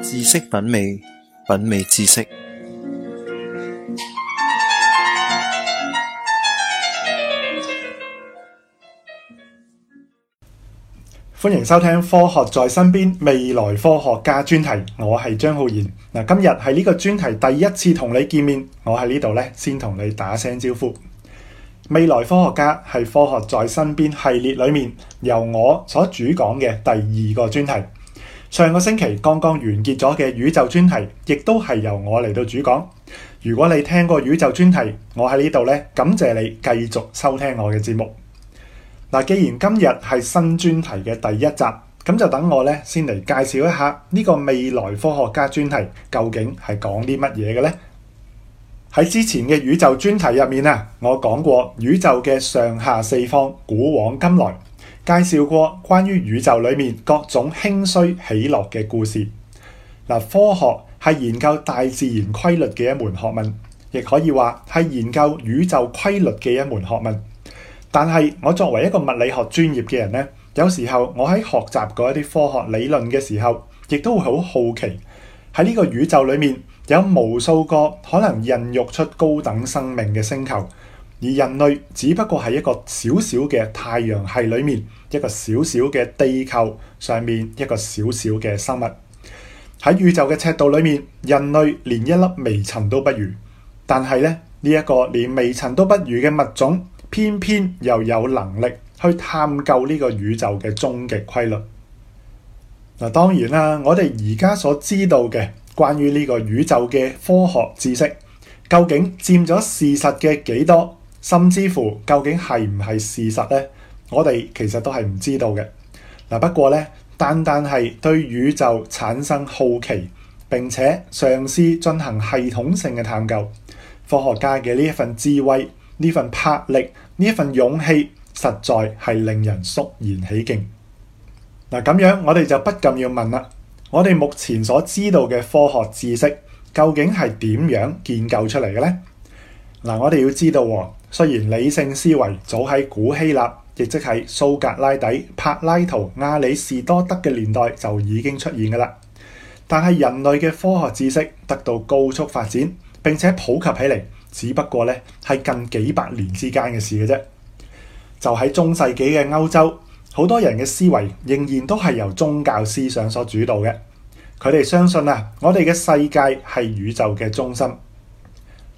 知識品味，品味知識。歡迎收聽《科學在身邊》未來科學家專題。我係張浩然。嗱，今日係呢個專題第一次同你見面，我喺呢度咧先同你打聲招呼。未來科學家係《科學在身邊》系列裏面由我所主講嘅第二個專題。上個星期剛剛完結咗嘅宇宙專題，亦都係由我嚟到主講。如果你聽過宇宙專題，我喺呢度咧，感謝你繼續收聽我嘅節目。嗱，既然今日係新專題嘅第一集，咁就等我咧先嚟介紹一下呢個未來科學家專題究竟係講啲乜嘢嘅咧。喺之前嘅宇宙專題入面啊，我講過宇宙嘅上下四方，古往今來。介紹過關於宇宙裡面各種興衰起落嘅故事。嗱，科學係研究大自然規律嘅一門學問，亦可以話係研究宇宙規律嘅一門學問。但係我作為一個物理學專業嘅人咧，有時候我喺學習嗰一啲科學理論嘅時候，亦都會好好奇喺呢個宇宙裡面有無數個可能孕育出高等生命嘅星球。而人類只不過係一個小小嘅太陽系裏面，一個小小嘅地球上面，一個小小嘅生物。喺宇宙嘅尺度裏面，人類連一粒微塵都不如。但係咧，呢、這、一個連微塵都不如嘅物種，偏偏又有能力去探究呢個宇宙嘅終極規律嗱。當然啦、啊，我哋而家所知道嘅關於呢個宇宙嘅科學知識，究竟佔咗事實嘅幾多？甚至乎究竟係唔係事實呢？我哋其實都係唔知道嘅。嗱，不過呢，單單係對宇宙產生好奇，並且嘗試進行系統性嘅探究，科學家嘅呢一份智慧、呢份魄力、呢一份勇氣，實在係令人肅然起敬。嗱，咁樣我哋就不禁要問啦：我哋目前所知道嘅科學知識，究竟係點樣建構出嚟嘅呢？嗱，我哋要知道，雖然理性思維早喺古希臘，亦即係蘇格拉底、柏拉圖、亞里士多德嘅年代就已經出現嘅啦，但係人類嘅科學知識得到高速發展，並且普及起嚟，只不過咧係近幾百年之間嘅事嘅啫。就喺中世紀嘅歐洲，好多人嘅思維仍然都係由宗教思想所主導嘅，佢哋相信啊，我哋嘅世界係宇宙嘅中心。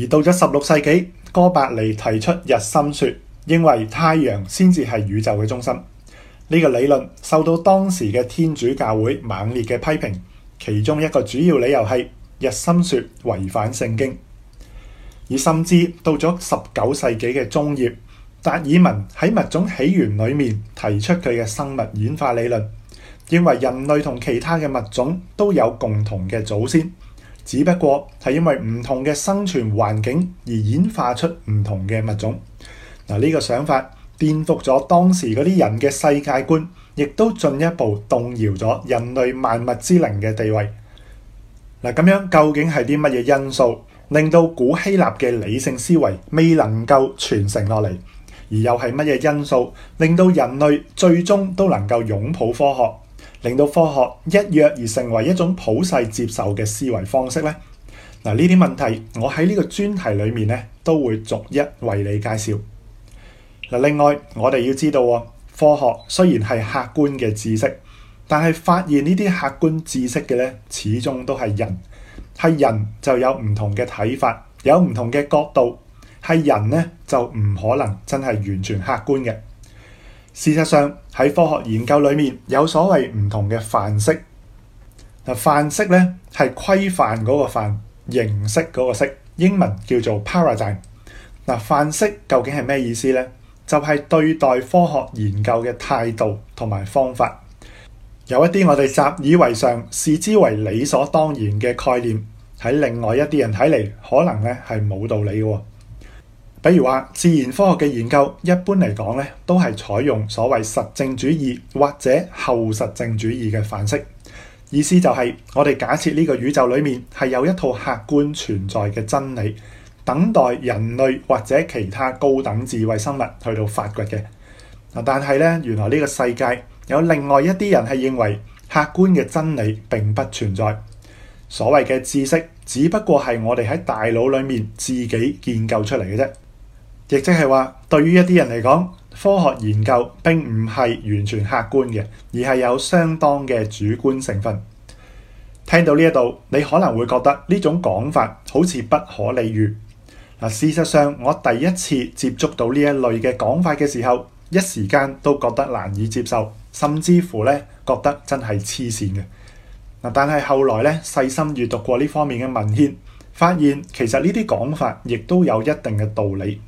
而到咗十六世紀，哥白尼提出日心說，認為太陽先至係宇宙嘅中心。呢個理論受到當時嘅天主教會猛烈嘅批評，其中一個主要理由係日心說違反聖經。而甚至到咗十九世紀嘅中葉，達爾文喺物種起源裏面提出佢嘅生物演化理論，認為人類同其他嘅物種都有共同嘅祖先，只不過係因為唔同嘅生存環境而演化出唔同嘅物種。嗱、這、呢個想法顛覆咗當時嗰啲人嘅世界觀，亦都進一步動搖咗人類萬物之靈嘅地位。嗱，咁樣究竟係啲乜嘢因素令到古希臘嘅理性思維未能夠傳承落嚟？而又係乜嘢因素令到人類最終都能夠擁抱科學？令到科學一躍而成為一種普世接受嘅思維方式咧？嗱，呢啲問題我喺呢個專題裏面咧都會逐一為你介紹。嗱，另外我哋要知道喎，科學雖然係客觀嘅知識，但係發現呢啲客觀知識嘅咧，始終都係人，係人就有唔同嘅睇法，有唔同嘅角度，係人咧就唔可能真係完全客觀嘅。事實上喺科學研究裏面有所謂唔同嘅範式。嗱，範式咧係規範嗰個範形式嗰個式，英文叫做 paradigm。嗱，範式究竟係咩意思呢？就係對待科學研究嘅態度同埋方法。有一啲我哋習以為常、視之為理所當然嘅概念，喺另外一啲人睇嚟，可能咧係冇道理嘅。比如話，自然科學嘅研究一般嚟講咧，都係採用所謂實證主義或者後實證主義嘅範式。意思就係、是、我哋假設呢個宇宙裏面係有一套客觀存在嘅真理，等待人類或者其他高等智慧生物去到發掘嘅。嗱，但係咧，原來呢個世界有另外一啲人係認為客觀嘅真理並不存在，所謂嘅知識只不過係我哋喺大腦裏面自己建構出嚟嘅啫。亦即係話，對於一啲人嚟講，科學研究並唔係完全客觀嘅，而係有相當嘅主觀成分。聽到呢一度，你可能會覺得呢種講法好似不可理喻嗱。事實上，我第一次接觸到呢一類嘅講法嘅時候，一時間都覺得難以接受，甚至乎呢覺得真係黐線嘅嗱。但係後來呢，細心閱讀過呢方面嘅文獻，發現其實呢啲講法亦都有一定嘅道理。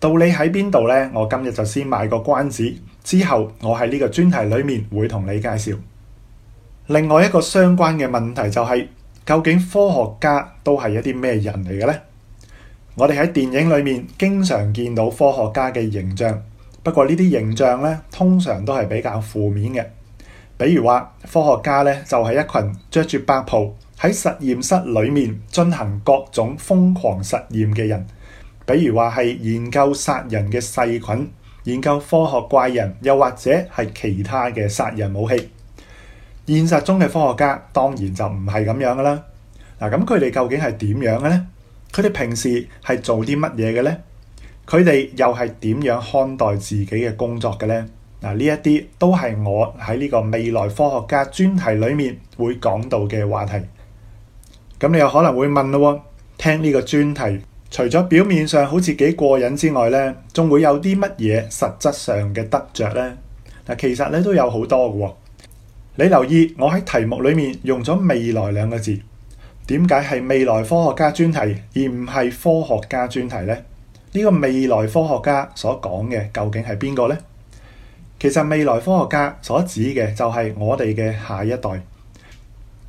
道理喺邊度呢？我今日就先賣個關子，之後我喺呢個專題裏面會同你介紹。另外一個相關嘅問題就係，究竟科學家都係一啲咩人嚟嘅呢？我哋喺電影裏面經常見到科學家嘅形象，不過呢啲形象呢，通常都係比較負面嘅。比如話，科學家呢，就係一群着住白袍喺實驗室裏面進行各種瘋狂實驗嘅人。比如話係研究殺人嘅細菌，研究科學怪人，又或者係其他嘅殺人武器。現實中嘅科學家當然就唔係咁樣嘅啦。嗱、啊，咁佢哋究竟係點樣嘅咧？佢哋平時係做啲乜嘢嘅咧？佢哋又係點樣看待自己嘅工作嘅咧？嗱、啊，呢一啲都係我喺呢、這個未來科學家專題裡面會講到嘅話題。咁、啊這個、你有可能會問咯，聽呢個專題，除咗表面上好似幾過癮之外呢，仲會有啲乜嘢實質上嘅得着呢？嗱，其實你都有好多嘅、哦。你留意我喺題目裡面用咗未來兩個字，點解係未來科學家專題而唔係科學家專題呢？呢、呢個未來科學家所講嘅究竟係邊個呢？其實未來科學家所指嘅就係我哋嘅下一代。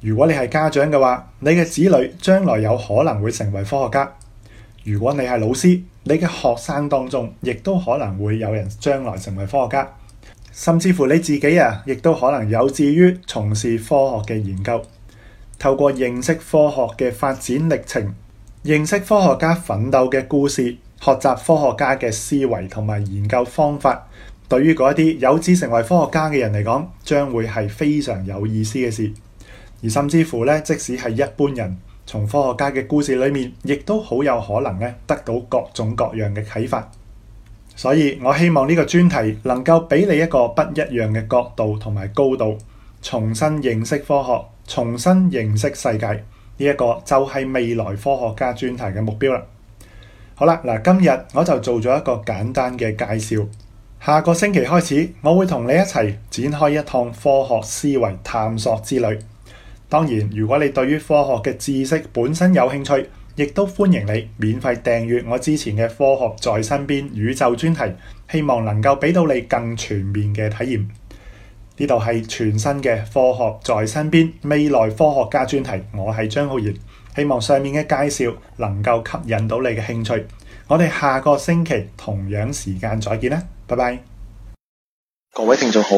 如果你係家長嘅話，你嘅子女將來有可能會成為科學家。如果你係老師，你嘅學生當中，亦都可能會有人將來成為科學家，甚至乎你自己啊，亦都可能有志於從事科學嘅研究。透過認識科學嘅發展歷程，認識科學家奮鬥嘅故事，學習科學家嘅思維同埋研究方法，對於嗰啲有志成為科學家嘅人嚟講，將會係非常有意思嘅事。而甚至乎咧，即使係一般人。從科學家嘅故事裏面，亦都好有可能咧，得到各種各樣嘅啟發。所以我希望呢個專題能夠俾你一個不一樣嘅角度同埋高度，重新認識科學，重新認識世界。呢一個就係未來科學家專題嘅目標啦。好啦，嗱，今日我就做咗一個簡單嘅介紹。下個星期開始，我會同你一齊展開一趟科學思維探索之旅。當然，如果你對於科學嘅知識本身有興趣，亦都歡迎你免費訂閱我之前嘅《科學在身邊宇宙》專題，希望能夠俾到你更全面嘅體驗。呢度係全新嘅《科學在身邊未來科學家》專題，我係張浩然，希望上面嘅介紹能夠吸引到你嘅興趣。我哋下個星期同樣時間再見啦，拜拜！各位聽眾好。